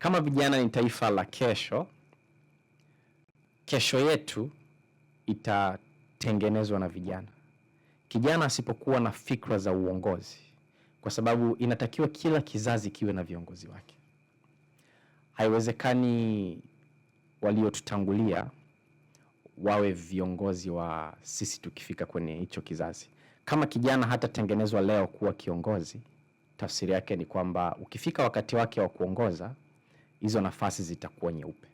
Kama vijana ni taifa la kesho, kesho yetu itatengenezwa na vijana. Kijana asipokuwa na fikra za uongozi, kwa sababu inatakiwa kila kizazi kiwe na viongozi wake. Haiwezekani waliotutangulia wawe viongozi wa sisi tukifika kwenye hicho kizazi. Kama kijana hatatengenezwa leo kuwa kiongozi, tafsiri yake ni kwamba ukifika wakati wake wa kuongoza hizo nafasi zitakuwa nyeupe.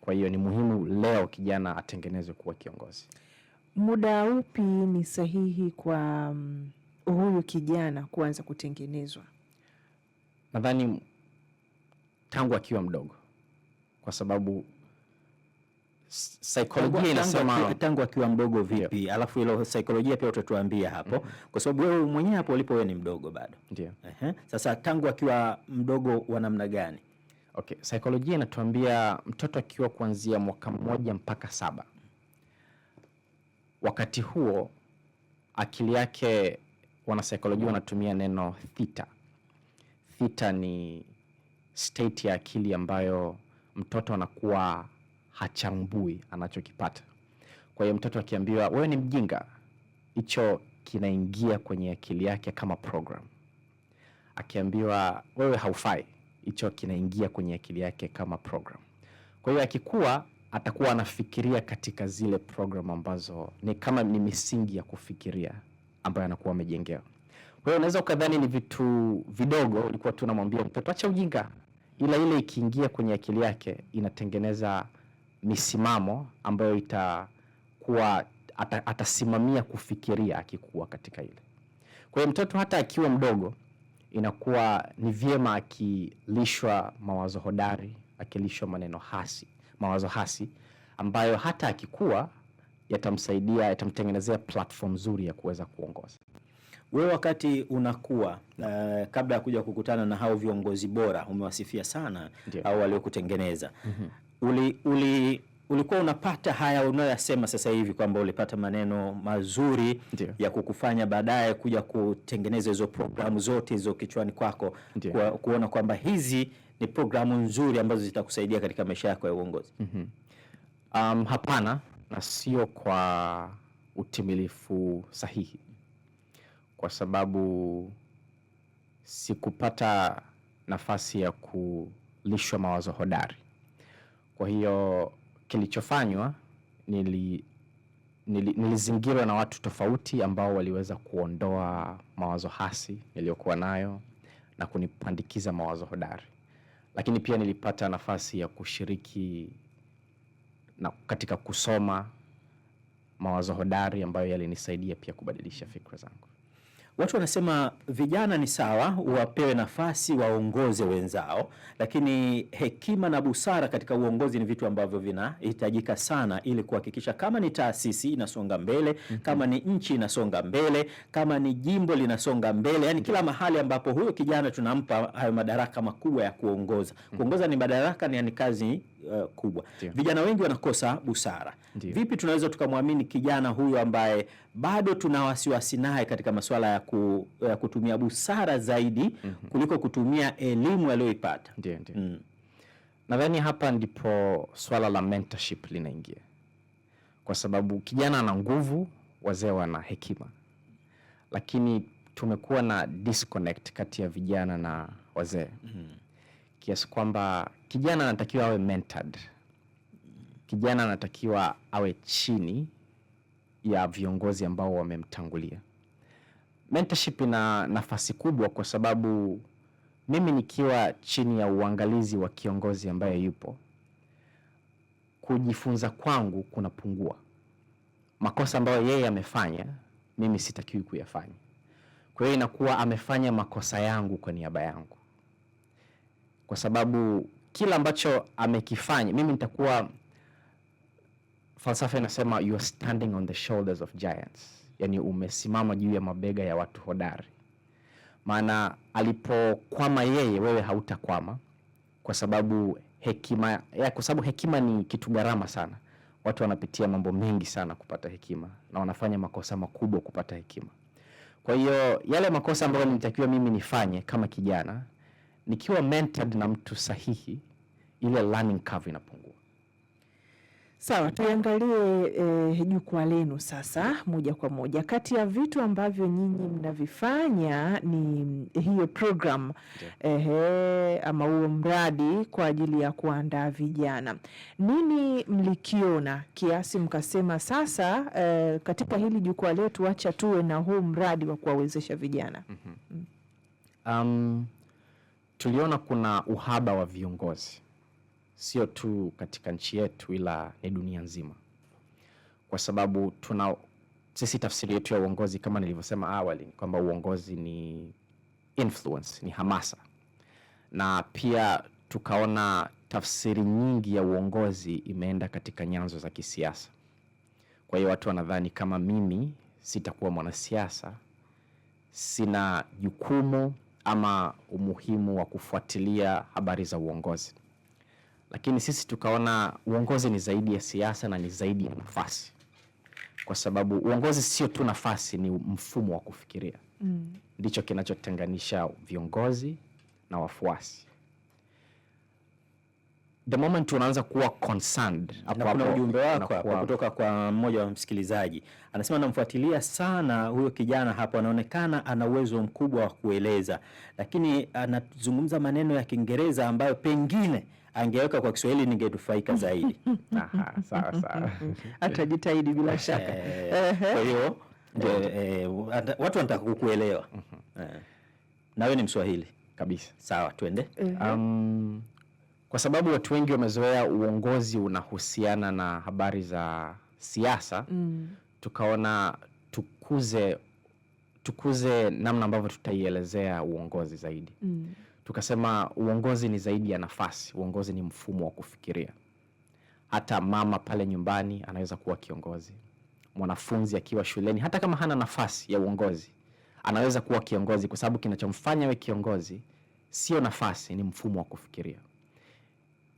Kwa hiyo ni muhimu leo kijana atengenezwe kuwa kiongozi. Muda upi ni sahihi kwa mm, huyu kijana kuanza kutengenezwa? Nadhani tangu akiwa mdogo, kwa sababu saikolojia inasema tangu akiwa mdogo. Vipi? Ndio. Alafu hilo saikolojia pia utatuambia hapo, mm -hmm. kwa sababu wewe mwenyewe hapo ulipo wewe ni mdogo bado. -huh. Sasa tangu akiwa mdogo wa namna gani? Okay, saikolojia inatuambia mtoto akiwa kuanzia mwaka mmoja mpaka saba, wakati huo akili yake, wanasaikolojia wanatumia neno theta. Theta ni state ya akili ambayo mtoto anakuwa hachambui anachokipata. Kwa hiyo mtoto akiambiwa wewe ni mjinga, hicho kinaingia kwenye akili yake kama program. Akiambiwa wewe haufai hicho kinaingia kwenye akili yake kama program. Kwa hiyo akikuwa atakuwa anafikiria katika zile program ambazo ni kama ni misingi ya kufikiria ambayo anakuwa amejengewa. Kwa hiyo unaweza ukadhani ni vitu vidogo, ulikuwa tu unamwambia mtoto acha ujinga, ila ile ikiingia kwenye akili yake inatengeneza misimamo ambayo itakuwa atasimamia kufikiria akikuwa katika ile. Kwa hiyo mtoto hata akiwa mdogo inakuwa ni vyema akilishwa mawazo hodari, akilishwa maneno hasi, mawazo hasi ambayo hata akikuwa yatamsaidia, yatamtengenezea platform nzuri ya kuweza kuongoza. Wewe wakati unakuwa uh, eh, kabla ya kuja kukutana na hao viongozi bora umewasifia sana au waliokutengeneza. mm -hmm. uli, uli ulikuwa unapata haya unayoyasema sasa hivi kwamba ulipata maneno mazuri Ndiyo. ya kukufanya baadaye kuja kutengeneza hizo programu zote hizo kichwani kwako kwa, kuona kwamba hizi ni programu nzuri ambazo zitakusaidia katika maisha yako ya uongozi mm -hmm. Um, hapana, na sio kwa utimilifu sahihi, kwa sababu sikupata nafasi ya kulishwa mawazo hodari, kwa hiyo kilichofanywa nili, nili, nilizingirwa na watu tofauti ambao waliweza kuondoa mawazo hasi niliyokuwa nayo na kunipandikiza mawazo hodari, lakini pia nilipata nafasi ya kushiriki na katika kusoma mawazo hodari ambayo yalinisaidia pia kubadilisha fikra zangu. Watu wanasema vijana ni sawa, wapewe nafasi waongoze wenzao, lakini hekima na busara katika uongozi ni vitu ambavyo vinahitajika sana, ili kuhakikisha kama ni taasisi inasonga mbele mm -hmm. kama ni nchi inasonga mbele, kama ni jimbo linasonga mbele, yani kila mhm. mahali ambapo huyo kijana tunampa hayo madaraka makubwa ya kuongoza. Mhm. Kuongoza ni madaraka, ni yani kazi Uh, kubwa. Dio. Vijana wengi wanakosa busara. Dio. Vipi tunaweza tukamwamini kijana huyu ambaye bado tuna wasiwasi naye katika masuala ya ku, ya kutumia busara zaidi mm -hmm. kuliko kutumia elimu aliyoipata. Ndio, ndio. Mm. Nadhani hapa ndipo swala la mentorship linaingia, kwa sababu kijana ana nguvu, wazee wana hekima, lakini tumekuwa na disconnect kati ya vijana na wazee mm -hmm. kiasi kwamba kijana anatakiwa awe mentored, kijana anatakiwa awe chini ya viongozi ambao wamemtangulia mentorship ina nafasi kubwa kwa sababu mimi nikiwa chini ya uangalizi wa kiongozi ambaye yupo, kujifunza kwangu kunapungua. Makosa ambayo yeye amefanya mimi sitakiwi kuyafanya, kwa hiyo inakuwa amefanya makosa yangu kwa niaba yangu, kwa sababu kila ambacho amekifanya mimi nitakuwa, falsafa inasema you are standing on the shoulders of giants yani umesimama juu ya mabega ya watu hodari. Maana alipokwama yeye, wewe hautakwama, kwa sababu hekima ya, kwa sababu hekima ni kitu gharama sana. Watu wanapitia mambo mengi sana kupata hekima na wanafanya makosa makubwa kupata hekima. Kwa hiyo yale makosa ambayo nilitakiwa mimi nifanye kama kijana nikiwa mentored na mtu sahihi, ile learning curve inapungua. Sawa, tuangalie eh, jukwaa lenu sasa moja kwa moja. Kati ya vitu ambavyo nyinyi mnavifanya ni eh, hiyo program eh, ama huo mradi kwa ajili ya kuandaa vijana. Nini mlikiona kiasi mkasema sasa, eh, katika hili jukwaa letu acha tuwe na huu mradi wa kuwawezesha vijana? mm -hmm. um, tuliona kuna uhaba wa viongozi sio tu katika nchi yetu, ila ni dunia nzima, kwa sababu tuna sisi tafsiri yetu ya uongozi kama nilivyosema awali ni kwamba uongozi ni influence, ni hamasa, na pia tukaona tafsiri nyingi ya uongozi imeenda katika nyanzo za kisiasa. Kwa hiyo watu wanadhani kama mimi sitakuwa mwanasiasa, sina jukumu ama umuhimu wa kufuatilia habari za uongozi. Lakini sisi tukaona uongozi ni zaidi ya siasa na ni zaidi ya nafasi, kwa sababu uongozi sio tu nafasi, ni mfumo wa kufikiria mm. Ndicho kinachotenganisha viongozi na wafuasi. The moment unaanza kuwa concerned Kuna ujumbe wako kwa... kutoka kwa mmoja wa msikilizaji anasema, namfuatilia sana huyo kijana hapo, anaonekana ana uwezo mkubwa wa kueleza, lakini anazungumza maneno ya Kiingereza ambayo pengine angeweka kwa Kiswahili ningenufaika zaidi. Aha, sawa sawa, atajitahidi bila eh, shaka. Eh, kwa hiyo ndio eh, watu wanataka kukuelewa. Mhm. Na wewe ni Mswahili kabisa. Sawa, twende. Um, kwa sababu watu wengi wamezoea uongozi unahusiana na habari za siasa mm. Tukaona tukuze tukuze namna ambavyo tutaielezea uongozi zaidi mm tukasema uongozi ni zaidi ya nafasi, uongozi ni mfumo wa kufikiria. Hata mama pale nyumbani anaweza kuwa kiongozi, mwanafunzi akiwa shuleni, hata kama hana nafasi ya uongozi anaweza kuwa kiongozi, kwa sababu kinachomfanya we kiongozi sio nafasi, ni mfumo wa kufikiria.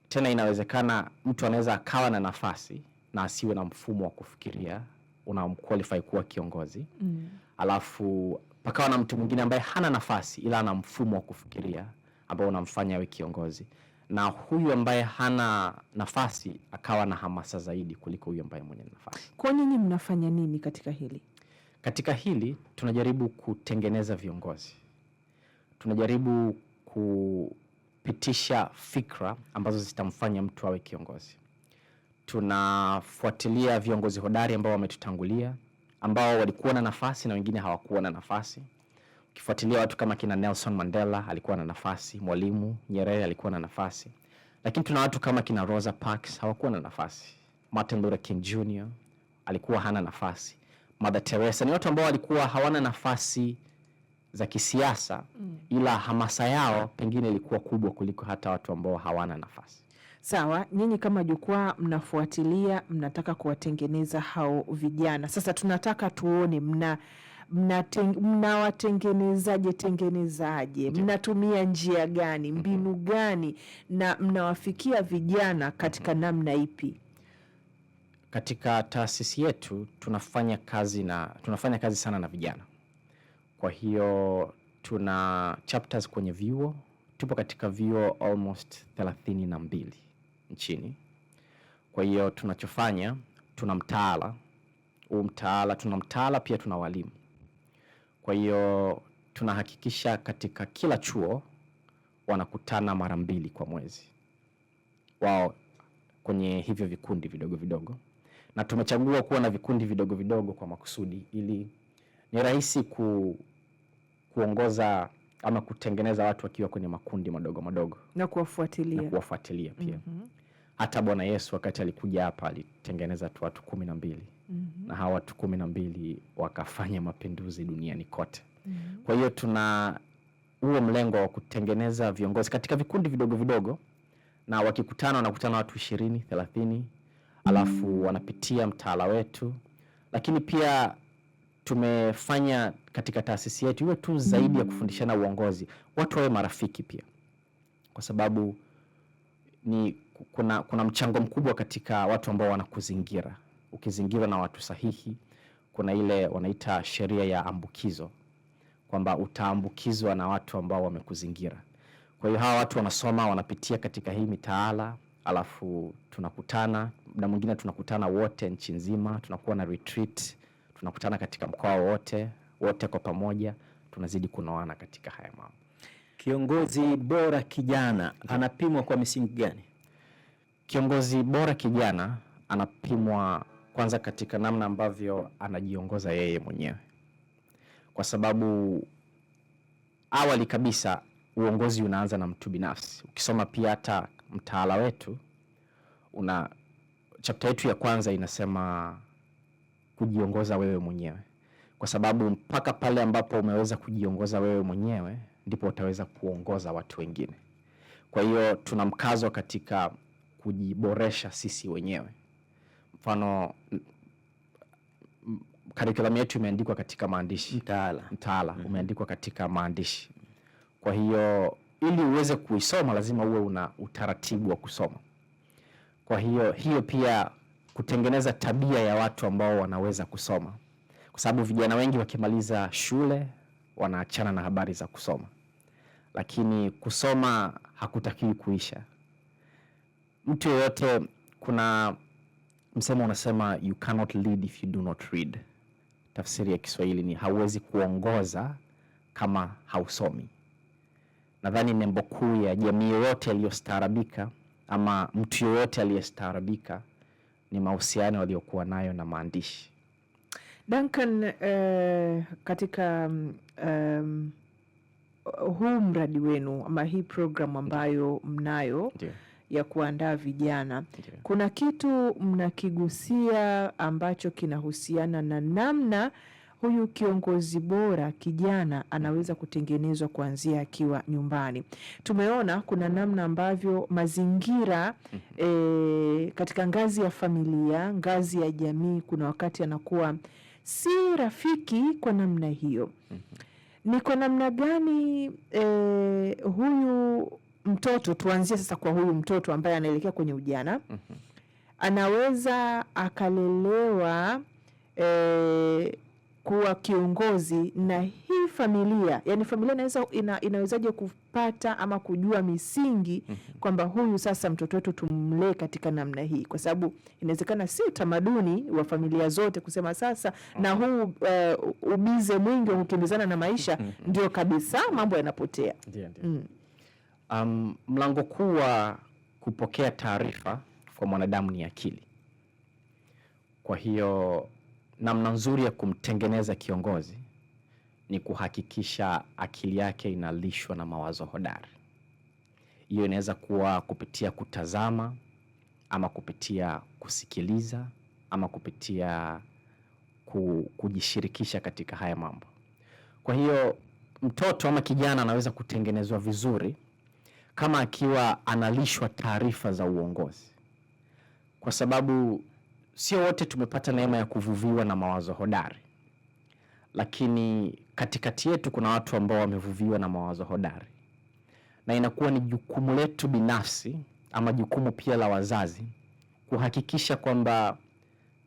Tena inawezekana mtu anaweza akawa na nafasi na asiwe na mfumo wa kufikiria unaomqualify kuwa kiongozi mm. Alafu pakawa na mtu mwingine ambaye hana nafasi ila ana mfumo wa kufikiria ambao unamfanya awe kiongozi, na huyu ambaye hana nafasi akawa na hamasa zaidi kuliko huyu ambaye mwenye nafasi. Kwa nyinyi mnafanya nini katika hili? Katika hili tunajaribu kutengeneza viongozi, tunajaribu kupitisha fikra ambazo zitamfanya mtu awe kiongozi. Tunafuatilia viongozi hodari ambao wametutangulia ambao walikuwa na nafasi na wengine hawakuwa na nafasi. Ukifuatilia watu kama kina Nelson Mandela alikuwa na nafasi, Mwalimu Nyerere alikuwa na nafasi, lakini tuna watu kama kina Rosa Parks hawakuwa na nafasi. Martin Luther King Jr alikuwa hana nafasi. Mother Teresa ni watu ambao walikuwa hawana nafasi za kisiasa, mm. ila hamasa yao pengine ilikuwa kubwa kuliko hata watu ambao hawana nafasi. Sawa, nyinyi kama jukwaa mnafuatilia, mnataka kuwatengeneza hao vijana. Sasa tunataka tuone mna mnawatengenezaje tengenezaje, mnatumia njia gani, mbinu gani, na mnawafikia vijana katika namna ipi? Katika taasisi yetu tunafanya kazi na tunafanya kazi sana na vijana, kwa hiyo tuna chapters kwenye vyuo. Tupo katika vyuo almost thelathini na mbili nchini. Kwa hiyo tunachofanya, tuna mtaala huu, mtaala tuna mtaala pia tuna walimu. Kwa hiyo tunahakikisha katika kila chuo wanakutana mara mbili kwa mwezi wao kwenye hivyo vikundi vidogo vidogo, na tumechagua kuwa na vikundi vidogo vidogo kwa makusudi, ili ni rahisi ku, kuongoza ama kutengeneza watu wakiwa kwenye makundi madogo madogo na kuwafuatilia na kuwafuatilia pia mm -hmm. Hata Bwana Yesu wakati alikuja hapa alitengeneza tu watu kumi na mbili mm -hmm. na hawa watu kumi na mbili wakafanya mapinduzi duniani kote mm -hmm. Kwa hiyo tuna huo mlengo wa kutengeneza viongozi katika vikundi vidogo vidogo, na wakikutana wanakutana watu ishirini thelathini alafu mhm. wanapitia mtaala wetu, lakini pia tumefanya katika taasisi yetu iwe tu zaidi ya kufundishana uongozi, watu wawe marafiki pia, kwa sababu ni kuna, kuna mchango mkubwa katika watu ambao wanakuzingira. ukizingirwa na watu sahihi, kuna ile wanaita sheria ya ambukizo kwamba utaambukizwa na watu ambao wamekuzingira. Kwa hiyo hawa watu wanasoma, wanapitia katika hii mitaala, alafu tunakutana, muda mwingine tunakutana wote nchi nzima, tunakuwa na retreat tunakutana katika mkoa wote wote kwa pamoja, tunazidi kunoana katika haya mambo. Kiongozi bora kijana anapimwa kwa misingi gani? Kiongozi bora kijana anapimwa kwanza katika namna ambavyo anajiongoza yeye mwenyewe, kwa sababu awali kabisa uongozi unaanza na mtu binafsi. Ukisoma pia hata mtaala wetu una chapta yetu ya kwanza inasema kujiongoza wewe mwenyewe, kwa sababu mpaka pale ambapo umeweza kujiongoza wewe mwenyewe ndipo utaweza kuongoza watu wengine. Kwa hiyo tuna mkazo katika kujiboresha sisi wenyewe. Mfano, karikulam yetu imeandikwa katika maandishi, mtaala, mtaala mm -hmm. umeandikwa katika maandishi. Kwa hiyo ili uweze kuisoma lazima uwe una utaratibu wa kusoma. Kwa hiyo hiyo pia kutengeneza tabia ya watu ambao wanaweza kusoma, kwa sababu vijana wengi wakimaliza shule wanaachana na habari za kusoma, lakini kusoma hakutakiwi kuisha. Mtu yoyote kuna msemo unasema you cannot lead if you do not read. Tafsiri ya Kiswahili ni hauwezi kuongoza kama hausomi. Nadhani nembo kuu ya jamii yoyote aliyostaarabika ama mtu yoyote aliyestaarabika ni mahusiano waliokuwa nayo na maandishi. Duncan, uh, katika um, huu mradi wenu ama hii programu ambayo mnayo Ndiyo. ya kuandaa vijana Ndiyo. kuna kitu mnakigusia ambacho kinahusiana na namna huyu kiongozi bora kijana anaweza kutengenezwa kuanzia akiwa nyumbani. Tumeona kuna namna ambavyo mazingira e, katika ngazi ya familia, ngazi ya jamii, kuna wakati anakuwa si rafiki kwa namna hiyo. Mhm. Ni kwa namna gani e, huyu mtoto tuanzie sasa kwa huyu mtoto ambaye anaelekea kwenye ujana mhm. anaweza akalelewa e, kuwa kiongozi na hii familia, yani familia inaweza ina, inawezaje kupata ama kujua misingi mhm. kwamba huyu sasa mtoto wetu tumlee katika namna hii, kwa sababu inawezekana si utamaduni wa familia zote kusema sasa ah. na huu uh, ubize mwingi wa kukimbizana na maisha mhm. ndio kabisa mambo yanapotea. Mm. Um, mlango kuu wa kupokea taarifa kwa mwanadamu ni akili. Kwa hiyo namna nzuri ya kumtengeneza kiongozi ni kuhakikisha akili yake inalishwa na mawazo hodari. Hiyo inaweza kuwa kupitia kutazama ama kupitia kusikiliza ama kupitia kujishirikisha katika haya mambo. Kwa hiyo mtoto ama kijana anaweza kutengenezwa vizuri kama akiwa analishwa taarifa za uongozi, kwa sababu sio wote tumepata neema ya kuvuviwa na mawazo hodari, lakini katikati yetu kuna watu ambao wamevuviwa na mawazo hodari, na inakuwa ni jukumu letu binafsi ama jukumu pia la wazazi kuhakikisha kwamba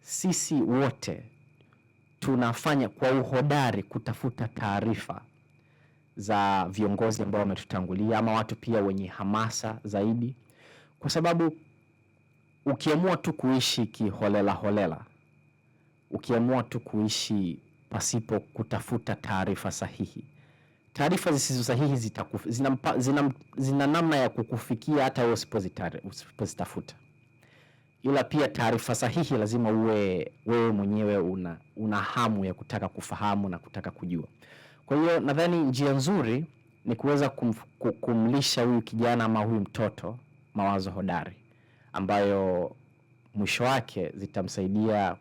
sisi wote tunafanya kwa uhodari kutafuta taarifa za viongozi ambao wametutangulia ama watu pia wenye hamasa zaidi, kwa sababu ukiamua tu kuishi kiholela holela, ukiamua tu kuishi pasipo kutafuta taarifa sahihi, taarifa zisizo sahihi zina, zina, zina namna ya kukufikia hata wewe usipozitafuta. Ila pia taarifa sahihi lazima uwe wewe mwenyewe una, una hamu ya kutaka kufahamu na kutaka kujua. Kwa hiyo nadhani njia nzuri ni kuweza kum, kumlisha huyu kijana ama huyu mtoto mawazo hodari ambayo mwisho wake zitamsaidia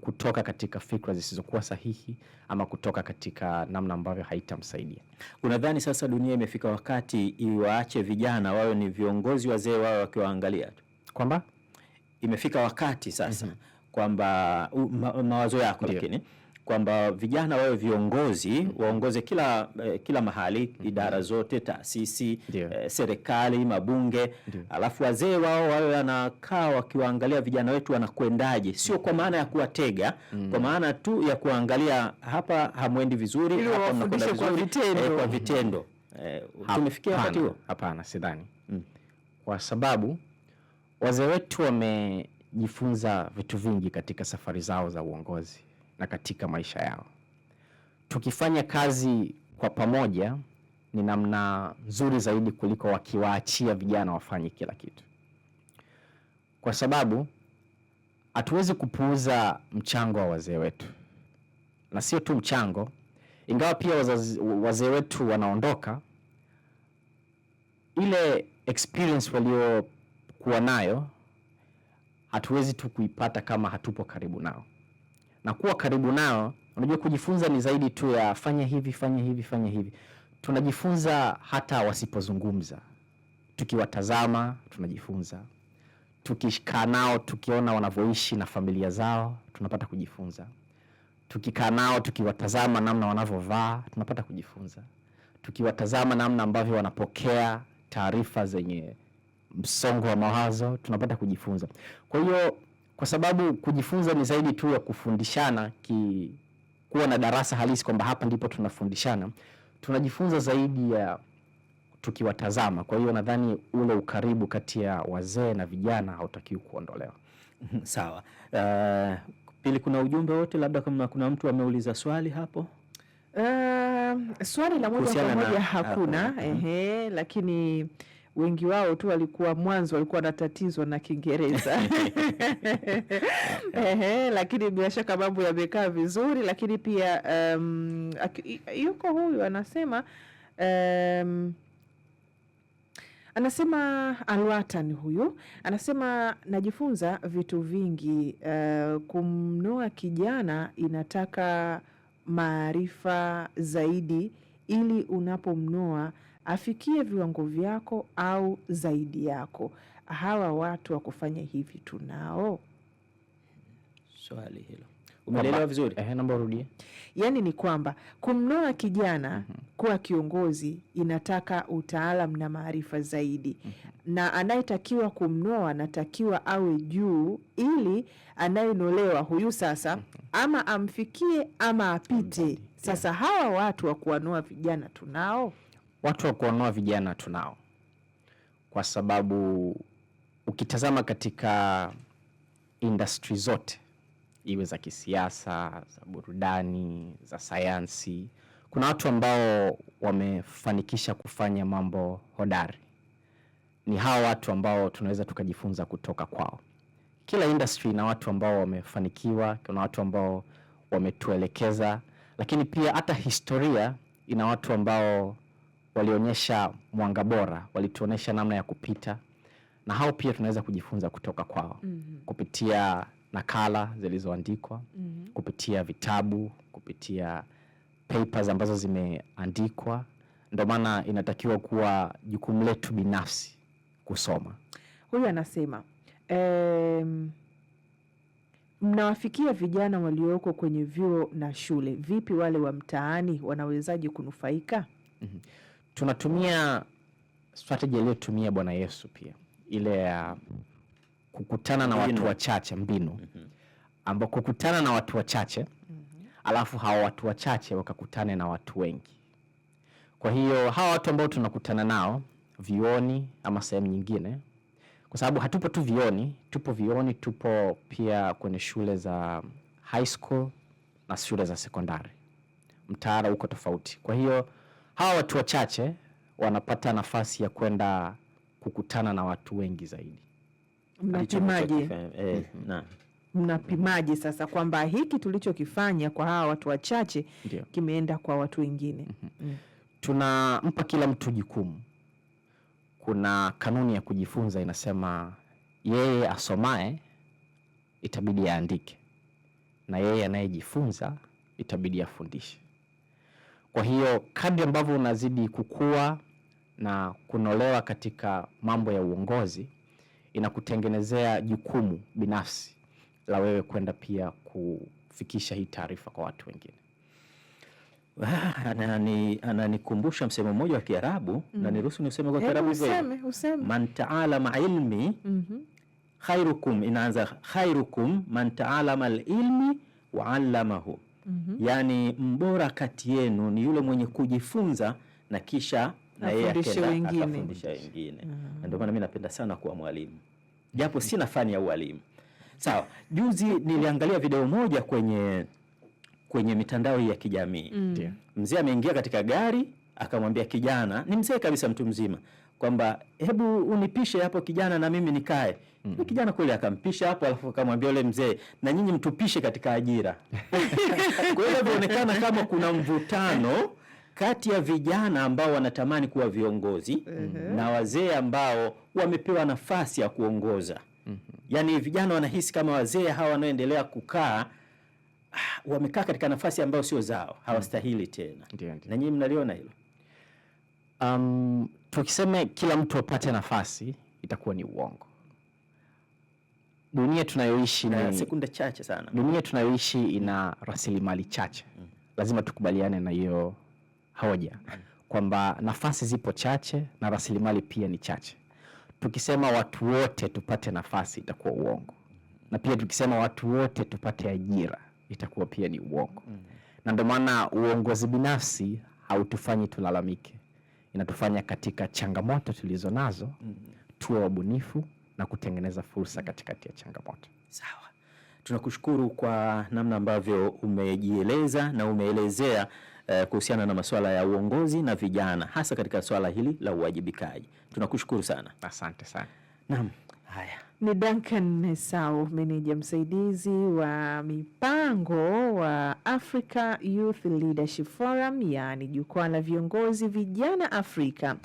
kutoka katika fikra zisizokuwa sahihi ama kutoka katika namna ambavyo haitamsaidia. Unadhani sasa dunia imefika wakati iwaache vijana wawe ni viongozi, wazee wao wakiwaangalia tu, kwamba imefika wakati sasa mm -hmm. kwamba ma, mawazo yako lakini kwamba vijana wawe viongozi mm-hmm. waongoze kila, eh, kila mahali mm-hmm. idara zote, taasisi eh, serikali, mabunge Dio. Alafu wazee wao wawe wanakaa wakiwaangalia vijana wetu wanakwendaje, sio kwa maana ya kuwatega mm. Kwa maana tu ya kuangalia hapa hamwendi vizuri, hapa mnakwenda vizuri eh, kwa vitendo eh, tumefikia wakati huo? Hapana, sidhani mm. Kwa sababu wazee wetu wamejifunza vitu vingi katika safari zao za uongozi na katika maisha yao. Tukifanya kazi kwa pamoja ni namna nzuri zaidi kuliko wakiwaachia vijana wafanye kila kitu, kwa sababu hatuwezi kupuuza mchango wa wazee wetu, na sio tu mchango, ingawa pia wazee wetu wanaondoka, ile experience waliokuwa nayo hatuwezi tu kuipata kama hatupo karibu nao na kuwa karibu nao. Unajua, kujifunza ni zaidi tu ya fanya hivi fanya hivi fanya hivi. Tunajifunza hata wasipozungumza, tukiwatazama tunajifunza, tukikaa nao, tukiona wanavyoishi na familia zao tunapata kujifunza, tukikaa nao, tukiwatazama namna wanavyovaa tunapata kujifunza, tukiwatazama namna ambavyo wanapokea taarifa zenye msongo wa mawazo tunapata kujifunza. Kwa hiyo kwa sababu kujifunza ni zaidi tu ya kufundishana ki, kuwa na darasa halisi kwamba hapa ndipo tunafundishana. Tunajifunza zaidi ya tukiwatazama. Kwa hiyo nadhani ule ukaribu kati ya wazee na vijana hautakiwi kuondolewa. Sawa. Uh, Pili, kuna ujumbe wote, labda kama kuna mtu ameuliza swali hapo. Uh, swali la moja kwa moja ah, hakuna, ah, ah. ehe, lakini wengi wao tu walikuwa mwanzo walikuwa wanatatizwa na Kiingereza ehe, lakini bila shaka mambo yamekaa vizuri, lakini pia um, yuko huyu anasema um, anasema Alwatan huyu anasema najifunza vitu vingi. Uh, e, kumnoa kijana inataka maarifa zaidi, ili unapomnoa afikie viwango vyako au zaidi yako. Hawa watu wa kufanya hivi tunao? Swali hilo umeelewa vizuri eh? Naomba urudie. Yaani ni kwamba kumnoa kijana mm -hmm. kuwa kiongozi inataka utaalam na maarifa zaidi mm -hmm. na anayetakiwa kumnoa anatakiwa awe juu, ili anayenolewa huyu sasa mm -hmm. ama amfikie ama apite. Sasa hawa watu wa kuwanoa vijana tunao? Watu wa kuonoa vijana tunao, kwa sababu ukitazama katika industry zote, iwe za kisiasa, za burudani, za sayansi, kuna watu ambao wamefanikisha kufanya mambo hodari. Ni hawa watu ambao tunaweza tukajifunza kutoka kwao. Kila industry ina watu ambao wamefanikiwa, kuna watu ambao wametuelekeza, lakini pia hata historia ina watu ambao walionyesha mwanga bora, walituonyesha namna ya kupita na hao pia tunaweza kujifunza kutoka kwao mm -hmm. kupitia nakala zilizoandikwa mm -hmm. kupitia vitabu, kupitia papers ambazo zimeandikwa. Ndio maana inatakiwa kuwa jukumu letu binafsi kusoma. Huyu anasema eh, mnawafikia vijana walioko kwenye vyuo na shule vipi? Wale wa mtaani wanawezaje kunufaika? mm -hmm tunatumia strategy aliyotumia Bwana Yesu pia ile ya kukutana na watu wachache, mbinu mhm. ambao kukutana na watu wachache alafu hawa watu wachache wakakutane na watu wengi. Kwa hiyo hawa watu ambao tunakutana nao vioni ama sehemu nyingine, kwa sababu hatupo tu vioni, tupo vioni, tupo pia kwenye shule za high school na shule za sekondari, mtaala uko tofauti, kwa hiyo hawa watu wachache wanapata nafasi ya kwenda kukutana na watu wengi zaidi. Mnapimaje? Eh, hmm. mnapimaje sasa kwamba hiki tulichokifanya kwa hawa watu wachache kimeenda kwa watu wengine? mm -hmm. mm. Tunampa kila mtu jukumu. Kuna kanuni ya kujifunza inasema, yeye asomaye itabidi aandike na yeye anayejifunza itabidi afundishe. Kwa hiyo kadri ambavyo unazidi kukua na kunolewa katika mambo ya uongozi, inakutengenezea jukumu binafsi la wewe kwenda pia kufikisha hii taarifa kwa watu wengine. Ah, Anani, ananikumbusha msemo mmoja wa Kiarabu mm. na niruhusu niuseme kwa Kiarabu hivyo, man taalama ilmi mm -hmm. khairukum, inaanza khairukum man taalama alilmi wa allamahu -hmm. Yaani mbora kati yenu ni yule mwenye kujifunza na kisha na yeye akafundisha wengine. Mhm. Ndio maana mimi napenda sana kuwa mwalimu japo sina fani ya ualimu. Sawa, juzi niliangalia video moja kwenye kwenye mitandao hii ya kijamii mm. Mzee ameingia katika gari akamwambia kijana, ni mzee kabisa, mtu mzima kwamba hebu unipishe hapo kijana, na mimi nikae mm -hmm. Kijana kule akampisha hapo, alafu akamwambia yule mzee, na nyinyi mtupishe katika ajira. Kwa hiyo inaonekana kama kuna mvutano kati ya vijana ambao wanatamani kuwa viongozi mm -hmm. na wazee ambao wamepewa nafasi ya kuongoza mm -hmm. Yaani vijana wanahisi kama wazee hawa wanaoendelea kukaa ah, wamekaa katika nafasi ambayo sio zao, hawastahili tena. Ndiyo, ndiyo. Na nyinyi mnaliona hilo? Um, tukisema kila mtu apate nafasi itakuwa ni uongo. Dunia tunayoishi ni eh, sekunde chache sana. Dunia tunayoishi ina rasilimali chache mm. Lazima tukubaliane na hiyo hoja mm. kwamba nafasi zipo chache na rasilimali pia ni chache. Tukisema watu wote tupate nafasi itakuwa uongo na pia tukisema watu wote tupate ajira itakuwa pia ni uongo mm. na ndio maana uongozi binafsi hautufanyi tulalamike inatufanya katika changamoto tulizo nazo mm -hmm. tuwe wabunifu na kutengeneza fursa katikati ya changamoto. Sawa, tunakushukuru kwa namna ambavyo umejieleza na umeelezea eh, kuhusiana na masuala ya uongozi na vijana hasa katika swala hili la uwajibikaji. Tunakushukuru sana, asante sana. Naam, haya. Ni Duncan nesau meneja msaidizi wa mipango wa Africa Youth Leadership Forum, yaani jukwaa la viongozi vijana Afrika,